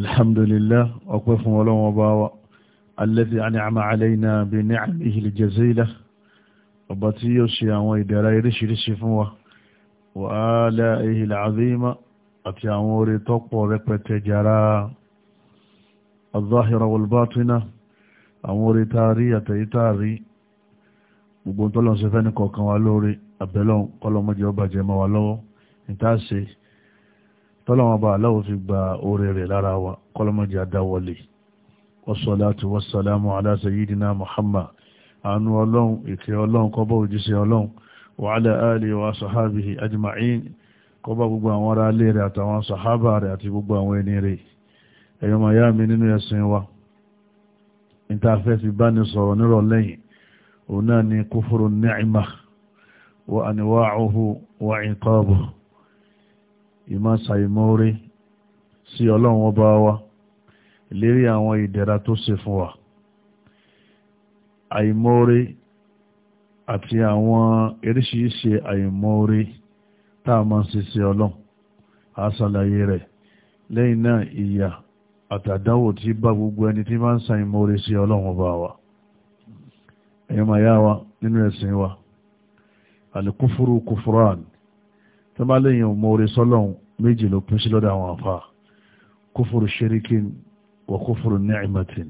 alhamdulillah ọpẹ́ fún ọlọ́wọ́ bá wa alladhi an'ama alayna bi ni'amihi al-jazila ọba tí yóò ṣe àwọn ìdẹ̀ra iríṣiríṣi fún wa wa ala'ihi al-azima àti àwọn orí tọ́pọ̀ rẹpẹtẹ jara al-zahira àwọn orí taari àtẹ̀yí taari gbogbo tọ́lọ̀ sí kọ̀ọ̀kan wa lórí àbẹ̀lọ́n kọ́lọ́mọ́jẹ́ ọba jẹ́ mọ́ wa lọ́wọ́ ìtaṣe tọ́lọ́wọ́n bá aláwọ̀ fi gba oore rẹ̀ lára wa kọ́lọ́mọ́jì adáwọlé wassalatu wassalamu ala sayyidina muhammad àánú ọlọ́run ìkẹ́ ọlọ́run kọ́bọ̀ òjíṣẹ́ ọlọ́run wa ala alihi wa sahabihi ajma'in kọ́bọ̀ gbogbo àwọn ará ilé rẹ̀ àtàwọn sahaba rẹ̀ àti gbogbo àwọn ẹni rẹ̀ ẹ̀yọ́ máa yá mi nínú ìmáṣà ìmọ́re sí ọlọ́run ọba wa lérí àwọn ìdẹ̀ra tó ṣe fún wa àìmọ́re àti àwọn eríṣiríṣi àìmọ́re tá a máa ń ṣe sí ọlọ́run a ṣàlàyé rẹ̀ lẹ́yìn náà ìyà àtàdánwò tí bá gbogbo ẹni tí máa ń sa ìmọ́re sí ọlọ́run ọba wa ẹ̀yọ́ màá yá wa nínú ẹ̀sìn wa alìkúfúrú kúfúrán tó bá lẹ́yìn ò mọ́ọ̀rẹ́ sọ́lọ́hún méjì ló pín sí lọ́dọ̀ àwọn àfa kófòrò ṣeríkín wà kófòrò ni'matin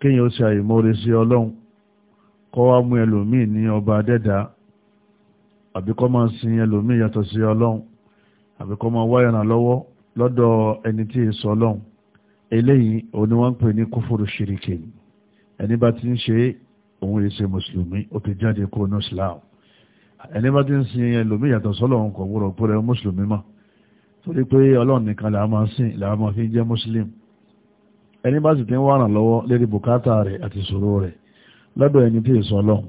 kéèyàn ó ṣe àìmọ́ọ̀rẹ́ sí ọlọ́hún kọ́ wá mú ẹlòmíì ní ọba adẹ́dá àbí kọ́ máa sin ẹlòmíì yàtọ̀ sí ọlọ́hún àbí kọ́ máa wá ìrànlọ́wọ́ lọ́dọ̀ ẹni tí ì sọ ọlọ́hún eléyìí òní wọ́n ń pè ní kófòrò ṣeríkín ẹni bá ti ń ṣe òun yìí ẹni bá ti ń sin ẹlòmí yàtọ̀ sọ́lọ́run kò gbọ́dọ̀ pé rẹ mùsùlùmí mọ́ torí pé ọlọ́run nìkan làá máa sìn làá máa fi jẹ́ mùsùlùmí ẹni bá sì ti ń wá ràn lọ́wọ́ lérí bùkátà rẹ̀ àti ìṣòro rẹ̀ lọ́dọ̀ ẹni tí èso ọlọ́run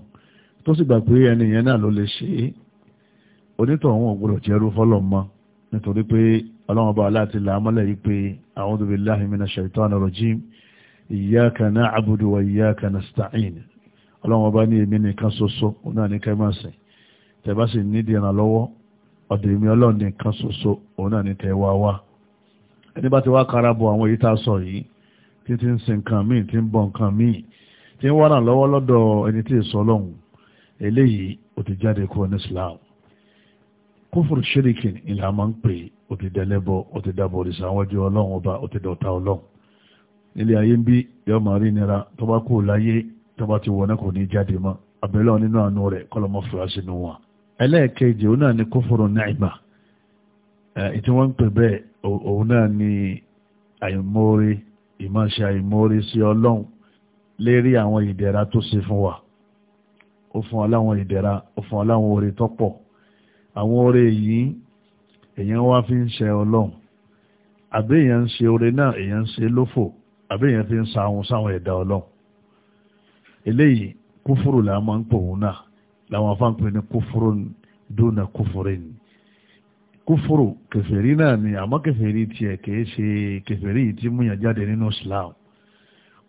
tó sì gbà pé ẹni yẹn náà ló lè ṣe é onítọ̀hún fọ́lọ̀ mọ́ nítorí pé ọlọ́run ọba yìí pé tẹ̀bá sì nídìí ìrànlọ́wọ́ ọ̀dọ̀ èmi ọlọ́run nìkan ṣoṣo òun náà ní tẹ̀ wá wá ẹni bá ti wá karabọ̀ àwọn èyí tá a sọ yìí tí ti ń sin nǹkan míì tí ń bọ nǹkan míì tí ń wá náà lọ́wọ́ lọ́dọ̀ ẹni tí èso ọlọ́run eléyìí ó ti jáde kúrò ní Islam kófòrò ṣíríkì ìlà máa ń pè ó ti dẹlẹ́bọ ó ti dàbọ̀ òrìṣà àwọn ọjọ́ ọlọ́run ọba ó ti dọ̀ta ọlọ́run ilé ayé ń bí yọ máa rí nira tó bá láyé tó bá ti wọná kò ní jáde mọ́ àbẹ̀lẹ́ nínú àánú rẹ̀ kọ́lọ́mọ́ fura sínú wọn ẹlẹ́ẹ̀kejì òun náà ni kófòrò náìmà ìtí wọ́n ń pè bẹ́ẹ̀ òun náà ni àìmóore ìmọ̀ọ́ṣe àìmóore sí ọlọ́run lérí àwọn ìdẹ̀ra tó ṣe fún wa ó fún wa láwọn ìdẹ̀ra ó fún wa láwọn oore tó pọ̀ àwọn oore yìí èèyàn wá fi ń ṣe ọlọ́run àbí èèyàn ń ṣe oore náà èèyàn ń ṣe lófò àbí èèyàn fi ń sa àwọn sáwọn ẹ̀dá ọlọ́run eléyìí kúfùrù làá máa ń pò òun náà làwọn afá ń pè ní kófóró dóná kófóró ni kófóró kẹfẹ́rí náà ni àmọ́ kẹfẹ́rí tiẹ̀ kìí ṣe kẹfẹ́rí yìí tí múyàn jáde nínú Islam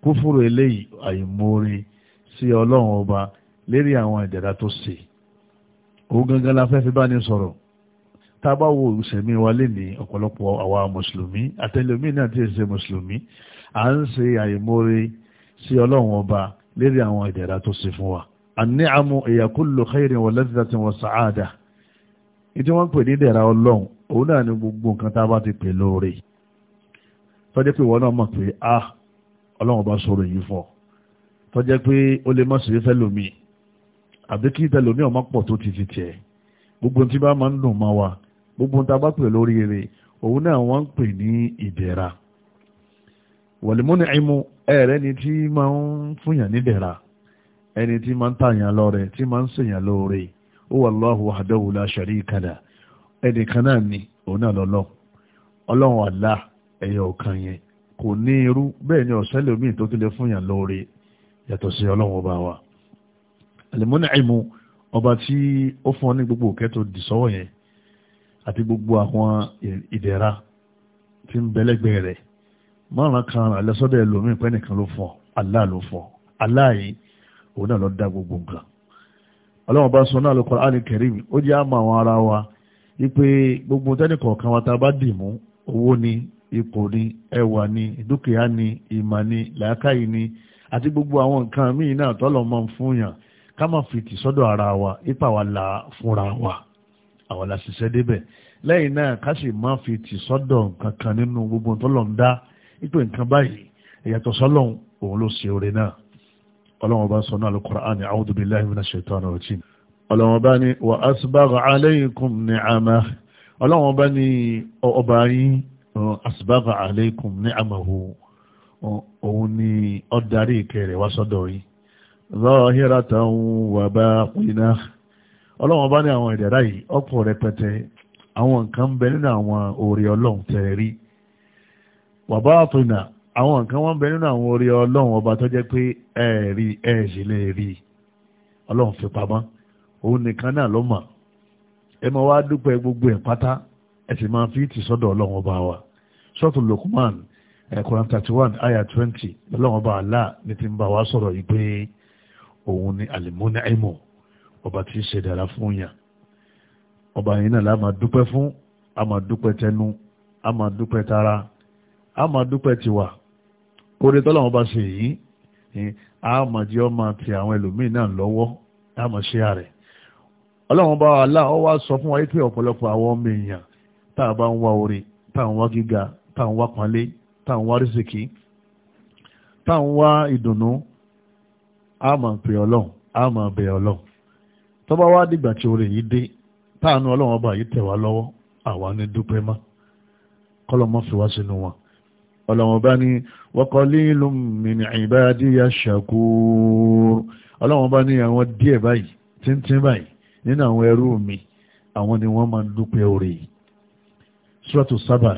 kófóró eléyìí àìmoore sí ọlọ́run ọba lérí àwọn ìdẹ̀ra tó ṣe òun gangan la fẹ́ fi bá ní sọ̀rọ̀ tá a bá wo ìsẹ̀mí wa lénìí ọ̀pọ̀lọpọ̀ àwa mùsùlùmí àtẹlẹ́mí náà ti ṣe mùsùlùmí à ń ṣe àìmoore sí ọlọ́run ọba lérí àwọn ìdẹ̀ra tó ṣe fún wa àníàmú ìyàkúlò khairin wa ladhatin wa sa'ada ìdí wọ́n pè ní dẹ̀ra ọlọ́run òun náà ni gbogbo nǹkan tá a bá ti pè lóore tọ́jẹ́ pé wọ́n náà mọ̀ pé a ọlọ́run bá sọ̀rọ̀ yìí fọ́ tọ́jẹ́ pé ó lè má ṣe fẹ́ lómi àbí kí ìtẹ́ lómi ọmọ pọ̀ tó ti ti tiẹ̀ gbogbo tí bá máa ń dùn máa wa gbogbo tá a bá pè lórí rẹ̀ òun náà wọ́n ń pè ní ìdẹ̀ra wọ̀lẹ́mọ́nì ẹ̀mú ẹ̀rẹ́ ni tí máa ń fúnyàn nídẹ̀ra ẹni tí máa ń tààyàn lọ́rẹ tí máa ń ṣèyàn lóore ó wà Allahu wahdahu la sharika lah ẹnìkan náà ni òun náà lọ́lọ́ ọlọ́run Allah ẹ̀yẹ ọ̀kan yẹn kò ní irú bẹ́ẹ̀ ni ọ̀sẹ́ lómi tó tún lè fún yàn lóore yàtọ̀ sí ọlọ́run ọba wa Al-Mun'imu ọba tí ó fún ọ ní gbogbo òkè tó dì sọ́wọ́ yẹn àti gbogbo àwọn ìdẹ̀ra tí ń bẹ́lẹ́gbẹ̀ẹ́ rẹ̀ márùn-ún kan àlẹ́sọ́dẹ̀ lómi pẹ́ nìkan ló fún ọ ló fún ọ yìí òun náà ló dá gbogbo nǹkan ọlọ́run bá sọ náà ló kọ́ra alẹ́ kẹrìm ó jẹ́ àmọ́ àwọn ara wa wípé gbogbo tẹ́nìkọ̀ọ̀kan wa ta bá dì mú owó ni ipò ni ẹwà ni dúkìá ni ìmọ̀ ni làákàyè ni àti gbogbo àwọn nǹkan míì náà tọ́lọ̀ máa ń fún yàn ká má fi sọ́dọ̀ ara wa ipa wa la fúnra wa àwọn la ṣiṣẹ́ débẹ̀ lẹ́yìn náà ká sì má fi tì sọ́dọ̀ nǹkan kan nínú gbogbo tọ́lọ̀ ń dá ipò nǹkan báyìí ìyàtọ̀ sọ́lọ̀ òun ló ṣe oore náà ọlọ́wọ́n bá sọ náà al-Qur'ani a'udhu billahi minash shaitani rajim ọlọ́wọ́n bá ní wa asbagha alaykum ni'amahu ọlọ́wọ́n bá ní ọba yín asbagha alaykum ni'amahu òun ni ọdarí ìkẹrẹ wá sọ́dọ̀ yín zahiratan wa batinah ọlọ́wọ́n bá ní àwọn ìdẹ̀ra yìí ọ̀pọ̀ rẹpẹtẹ àwọn nǹkan bẹ nínú àwọn òrè ọlọ́run tẹ̀rí wa batinah àwọn nǹkan wọ́n bẹ nínú àwọn orí ọlọ́run ọba tó jẹ́ pé ẹ̀ẹ̀rí ẹ̀ẹ̀sì lè rí ọlọ́run fi pamọ́ òun nìkan náà ló mọ̀ ẹ máa wá dúpẹ́ gbogbo ẹ̀ pátá ẹ sì máa fi tì sọ́dọ̀ ọlọ́run ọba wa sọ́tù Luqman ẹ̀kọ́ran eh, thirty one ayah twenty ọlọ́run ọba Allah ní ti ń bá wa sọ̀rọ̀ yìí pé òun ni alimuni aimu ọba tí í ṣe dára fún yàn ọba yìí náà la dúpẹ́ fún a dúpẹ́ tẹnu a dúpẹ́ tara a máa dúpẹ́ tiwa oore tọ́lọ́wọ́n bá ṣe yìí a máa jẹ́ ọmọ ti àwọn ẹlòmíín náà lọ́wọ́ a máa ṣe ààrẹ ọlọ́wọ́n bá wa lá ọ wá sọ fún wa pé ọ̀pọ̀lọpọ̀ àwọn ọmọ èèyàn tá a bá ń wá oore tá a ń wá gíga tá a ń wá pọ́nlé tá a ń wá rísìkì tá a ń wá ìdùnnú a máa pè ọlọ́run a máa bẹ̀ ọlọ́run tó bá wá dìgbà tí oore yìí dé táànù ọlọ́run ọba yìí tẹ̀ wá lọ́wọ́ àwa ní dúpẹ́ mọ́ kọ́lọ́ mọ́ fi wá sínú wọn ọlọ́run bá ní wa qalilum min ibadiya shakur ọlọ́run bá ní àwọn díẹ̀ báyìí tíntín báyìí nínú àwọn ẹrú mi àwọn ni wọ́n máa ń dúpẹ́ orí suratu sábà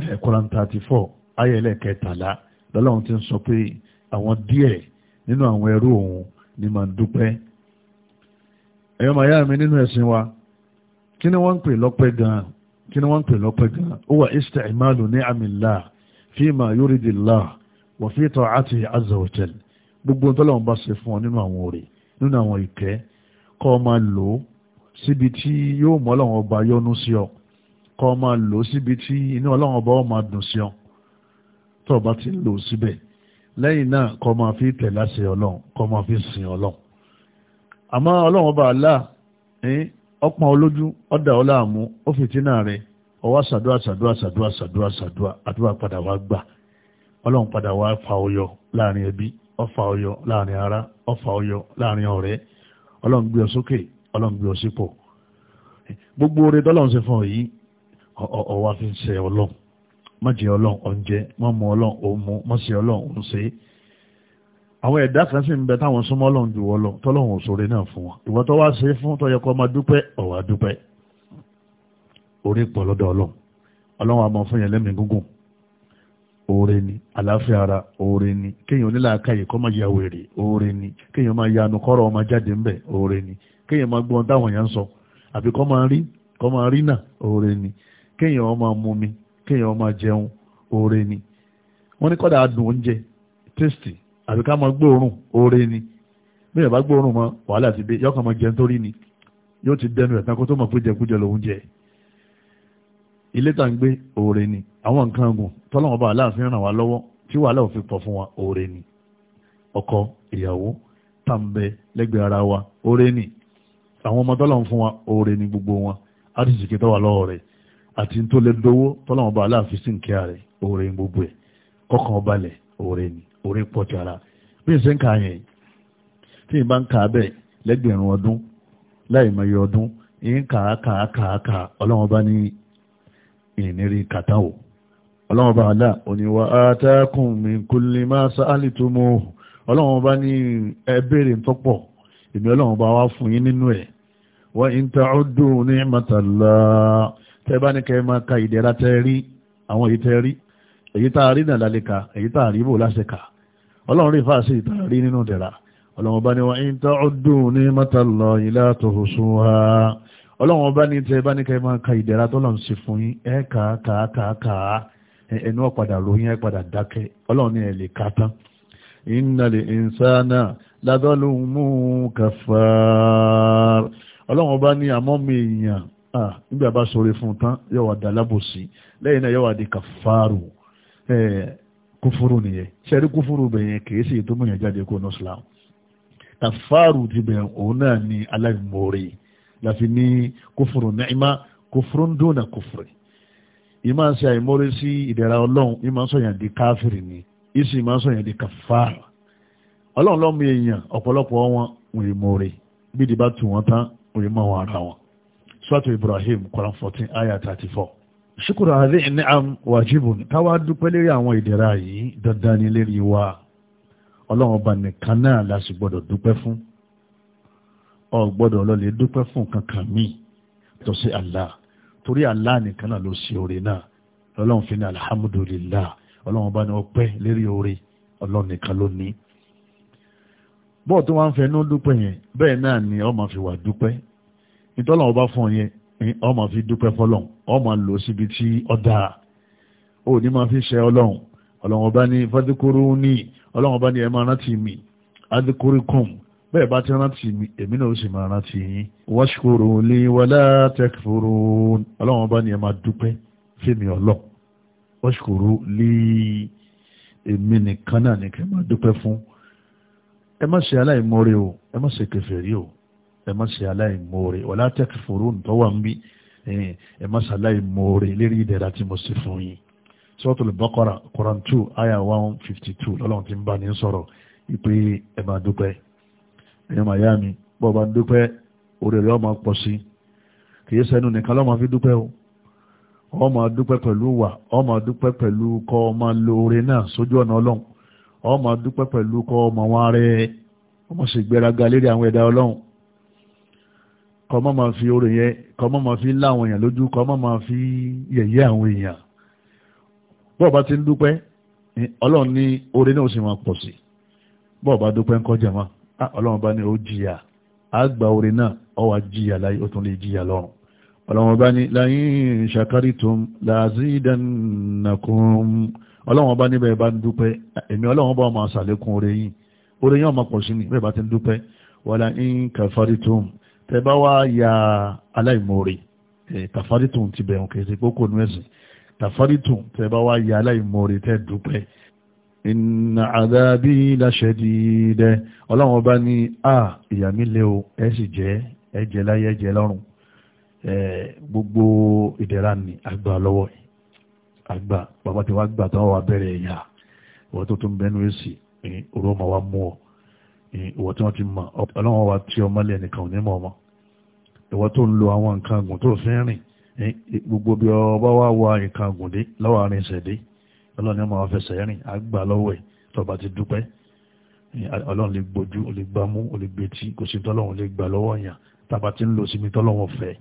eh, Quran 34 ayẹlẹ kẹtàlá lọ́lọ́run ti ń sọ pé àwọn díẹ̀ nínú àwọn ẹrú òun ni máa dúpẹ́ ẹ̀yọ́ màá yá mi nínú ẹ̀sìn wa kí ni wọ́n ń pè lọ́pẹ́ gan-an kí ni wọ́n ń pè lọ́pẹ́ gan-an ó wà isti'malu ni'amillah fíìmà yuridillah wa fi ta'ati azza wa jal gbogbo tọ́lọ́wọ́n bá ṣe fún ọ nínú àwọn òrè nínú àwọn ìkẹ́ kọ́ ọ máa lò ó síbi tí yóò mọ́ ọlọ́run ọba yọ́nú sí ọ kọ́ ọ máa lò ó síbi tí inú ọlọ́run ọba ọ máa dùn sí ọ tó o bá ti lò ó síbẹ̀ lẹ́yìn náà kọ́ ọ máa fi tẹ̀ láṣẹ ọlọ́run kọ́ ọ máa fi sìn ọlọ́run àmọ́ ọlọ́run ọba àlá eh, ọpọ́n olójú ọ̀dà ọláàmú ó fìtínà rẹ̀ ọwọ́ sàdúrà sàdúrà sàdúrà sàdúrà sàdúrà àdúrà padà wá gbà ọlọ́run padà wá fa ọyọ láàrin ẹbí ọfà ọyọ láàrin ará ọfà ọyọ láàrin ọ̀rẹ́ ọlọ́run gbé ọ sókè ọlọ́run gbé ọ sípò gbogbo oore tọ́lọ́run ṣe fún ọ yìí ọwọ́ fi ń ṣe ọlọ́run má jẹ ọlọ́run ọ̀njẹ má mu ọlọ́run òmu má ṣe ọlọ́run òun ṣe àwọn ẹ̀dá kan sì ń bẹ táwọn súnmọ́ ọlọ́run jù wọ́n lọ tọ́lọ́run òṣòre náà fún wọn ìwọ́n tó wá ṣe fún tọ́yẹ kọ́ máa dúpẹ́ ọ̀wà dúpẹ́ orí pọ̀ lọ́dọ̀ ọlọ́run ọlọ́run àmọ́ fún yẹn lẹ́mìí gúngùn oore ni ara oore ni kéèyàn onílàákàyè kọ́ máa ya wèrè oore ni kéèyàn máa ya anukọ́rọ̀ ọmọ jáde ńbẹ̀ oore ni kéèyàn máa gbọ́n táwọn èèyàn ń sọ àbí kọ́ máa rí kọ́ máa rí náà oore ni kéèyàn máa mumi kéèyàn máa jẹun oore ni wọ́n ní kọ́dà adùn oúnjẹ tẹ́sítì àbí ká máa gbóòórùn oore ni bí gbóòórùn mọ́ wàhálà ti dé yọkàn máa jẹun torí ni yóò ile tá n gbé oore ni àwọn nǹkan ọgùn tọ́lọ́wọ́n bá aláàfin ràn wá lọ́wọ́ tí wàhálà òfin pọ̀ fún wa oore ni ọkọ ìyàwó tàǹbẹ lẹ́gbẹ̀ẹ́ ara wa oore ni àwọn ọmọ tọ́lọ́wọ́n fún wa oore ni gbogbo wọn àtìsìkè tọ́wà lọ́wọ́ rẹ̀ àti tó lè dówó tọ́lọ́wọ́n bá aláàfin sì oore ni gbogbo ẹ̀ kọ́kàn oore ni oore pọ̀ ti ara bí ń ka yẹn tí ń ka bẹ́ẹ̀ ọdún láì ìnírí kàtàwò ọlọ́run bá dá òní wa ataakum min kulli ma sa'altumu ọlọ́run bá ní ẹ béèrè tọ́pọ̀ èmi ọlọ́run bá wá fún yín nínú ẹ̀ wa in ta'uddu ni'matallah tẹ́ bá ní kẹ́ máa ka ìdẹ̀ra tẹ́ rí àwọn èyí tẹ́ rí èyí tá a rí náà lálẹ́ka èyí tá a rí bò láṣẹ̀ka ọlọ́run rí fàáṣì tá a rí nínú dẹ̀ra ọlọ́run bá ní wa in ta'uddu ni'matallahi la tuhsuha ọlọ́run ọba ní tẹ bá ní máa ka ìdẹ̀ra tọ́lọ̀ ń fún ẹ kà á kà á kà á kà á ẹnu ọ̀padà ròyìn ẹ padà dákẹ́ ọlọ́run ní ẹ lè ka tán. innal insana lazalumun ọlọ́run ọba ní àmọ́ mi èèyàn nígbà bá sọ̀rọ̀ fún un tán yóò lẹ́yìn náà yóò wá di kàfàrù kúfúrú nìyẹn kúfúrú sì tó jáde kó ti láti ní kófòrò nẹ́ẹ̀má kófòrò ń dóná kófòrò yìí máa ń ṣe àìmọ́rí sí ìdẹ̀ra ọlọ́run yìí di káfìrì ni yìí sì máa ń sọ̀yàn di kàfàrà ọlọ́run lọ́mú èèyàn ọ̀pọ̀lọpọ̀ wọn wọ́n yìí mọ́ọ̀rẹ́ bí ìdìbà tù wọ́n tán wọ́n yìí mọ́ wọn ara wọn. sọ́tò Ibrahim Quran fourteen ayah thirty four. ṣukuru adé ní am wàjibù káwá dúpẹ́ lérí àwọn ìdẹ̀ra yìí dandan ni lérí wa ọlọ́run ọba nìkan náà la sì gbọ́dọ̀ dúpẹ́ fún ọ gbọ́dọ̀ lọ lè dúpẹ́ fún kankan míì tó sí Allah torí Allah nìkan náà ló sí oore náà ọlọ́run fi ní alhamdulillah ọlọ́run bá ní ọpẹ́ lérí oore ọlọ́run nìkan ló ní. bọ́ọ̀ tó wá ń fẹnu dúpẹ́ yẹn bẹ́ẹ̀ náà ni ọ máa fi wà dúpẹ́ nítorí ọba fún ọ yẹn ọ máa fi dúpẹ́ fọlọ́n ọ máa lò síbi tí ọ dáa ó ní máa fi ṣe ọlọ́run ọlọ́run ọba ní fadhkuruni ọlọ́run ọba ní ẹ máa rántí mi adhkurkum bẹ́ẹ̀ bá ti rántí mi èmi náà sì máa rántí yín washkuru li wala takfurun ọlọ́run bá ní ẹ máa dúpẹ́ fèmí ọlọ́ washkuru li èmi nìkan náà nìkan máa dúpẹ́ fún ẹ má ṣe aláìmoore o ẹ má ṣe kèfèrí o ẹ má ṣe aláìmoore wala takfurun tó wà ń bí ẹ má ṣe aláìmoore lérí ìdẹ̀ra tí mo sì fún yín Suratul Baqara Quran two aya one fifty two lọ́lọ́run ti ń bá ní sọ̀rọ̀ èèyàn màyá mi bọ́ bá dúpẹ́ orí rẹ̀ ọmọ pọ̀ sí kìí sẹ́nu nìkan lọ́mọ fi dúpẹ́ o ọmọ dúpẹ́ pẹ̀lú wà ọmọ dúpẹ́ pẹ̀lú kọ ọmọ lóore náà sójú ọ̀nà ọlọ́run ọmọ dúpẹ́ pẹ̀lú kọ ọmọ wọn rẹ̀ ọmọ sì gbéraga lérí àwọn ẹ̀dá ọlọ́run kọ mọ́ máa fi oore yẹn kọ mọ́ máa fi láwọn èèyàn lójú kọ mọ́ máa fi yẹ̀yẹ́ àwọn èèyàn bọ́ọ̀ bá ti ń dúpẹ́ ọlọ́run ní oore náà sì máa pọ̀ sí bọ́ọ̀ bá dúpẹ́ ń kọjá Ah, ọlọ́run bá ní ó jìyà àgbà orin náà ó wá láyé ó tún lè jìyà lọ́run ọlọ́run bá ní la in shakartum lazidannakum ọlọ́run bá níbẹ̀ bá ń dúpẹ́ èmi ọlọ́run bá máa ṣàlékún oore yín oore yín ọmọ bá ń wala in kafartum tẹ bá ya aláìmoore kafartum ti bẹ̀rùn kèsì kókò nú ẹ̀sìn kafartum tẹ bá wá ya aláìmoore tẹ dúpẹ́ inna àdábí láṣẹ́dìdẹ ọlọ́run ọba ní à ìyàmílẹ̀ o ẹ sì jẹ́ ẹ jẹ láyé ẹ jẹ lọ́run gbogbo ìdẹ̀ra ní àgbà lọ́wọ́ àgbà bàbá tí wàá gbà tán wà bẹ̀rẹ̀ ẹ̀yà ìwọ tó tún bẹnu èsì òru ọmọ wa mú ọ ìwọ tí ti mọ̀ ọlọ́run wa tí ọmọ lẹ́ nìkan ò ní mọ̀ ọmọ ìwọ tó ń lo àwọn nǹkan àgùn tó fẹ́ rìn gbogbo bí ọba wa wa nǹkan àgùn dé lọ́wọ́ àárín ìṣẹ̀dé ọlọ́run ní ọmọ àwọn fẹsẹ̀ rìn àgbà lọ́wọ́ ẹ̀ tó bá ti dúpẹ́ ọlọ́run lè gbójú ó lè gbámú ó lè gbétí kò sí tọ́lọ́run lè gbà lọ́wọ́ yàn tàbá ti ń lò sí mi tọ́lọ́run fẹ́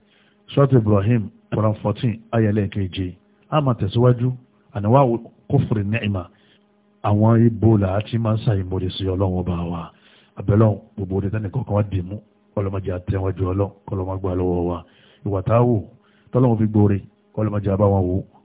sọ́ọ̀tì Ibrahim quran fourteen ayẹlẹ́ keje a máa tẹ̀síwájú àníwá kófìrì nẹ́ẹ̀mà àwọn ibo là á ti máa ń sa ìmọ̀lẹ̀ sí ọlọ́run ọba wa abẹ́lọ́run gbogbo orí tẹ́nì kọ̀ọ̀kan wá dì mú ọlọ́mọdé àtẹ̀wájú ọlọ́run kọ́lọ́mọgbà lọ́wọ́ wa ìwà táwò tọ́lọ́run fi gbóore kọ́lọ́mọdé àbáwọn wò